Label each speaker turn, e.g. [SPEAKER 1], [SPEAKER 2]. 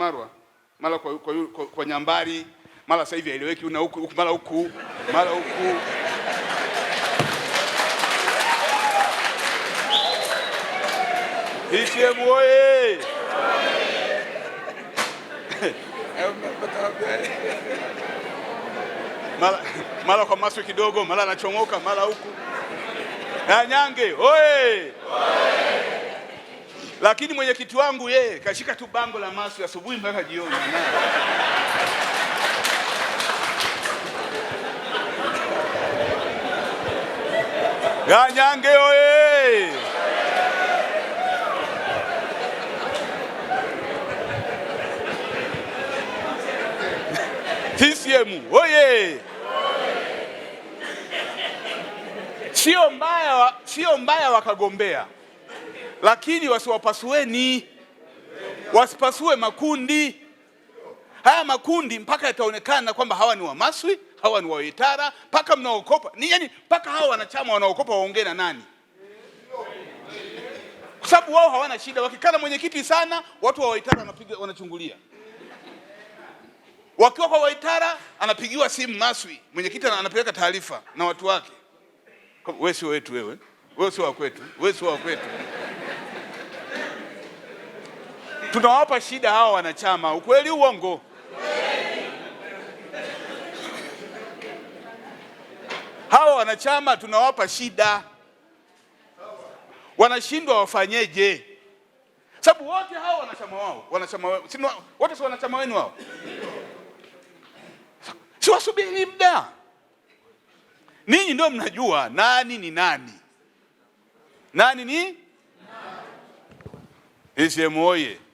[SPEAKER 1] Marwa, mara kwa, kwa, kwa, kwa Nyambari, mara sasa hivi haeleweki, una huku mara huku mara huku oye mara kwa maso kidogo, mara anachomoka mara huku na Nanyange oye lakini mwenyekiti wangu yeye kashika tu bango la masu asubuhi mpaka jioni. Ganyange oye! CCM oye! Sio mbaya, sio mbaya wakagombea lakini wasiwapasueni, wasipasue makundi haya makundi, mpaka yataonekana kwamba hawa ni Wamaswi, hawa ni Waitara, mpaka mnaokopa ni yani, mpaka hawa wanachama wanaokopa waongee na nani? Kwa sababu wao hawana shida, wakikana mwenyekiti sana, watu wa Waitara wanapiga wanachungulia wakiwa kwa Waitara anapigiwa simu Maswi, mwenyekiti anapeleka taarifa na watu wake, wewe si wetu, wewe wewe si wa kwetu, wewe si wa kwetu tunawapa shida hawa wanachama. Ukweli uongo? Hawa wanachama tunawapa shida, wanashindwa wafanyeje? Sababu wote hawa wanachama wao wanachama wote si wanachama wenu si wasubiri muda. Ninyi ndio mnajua nani ni nani, nani ni CCM oye!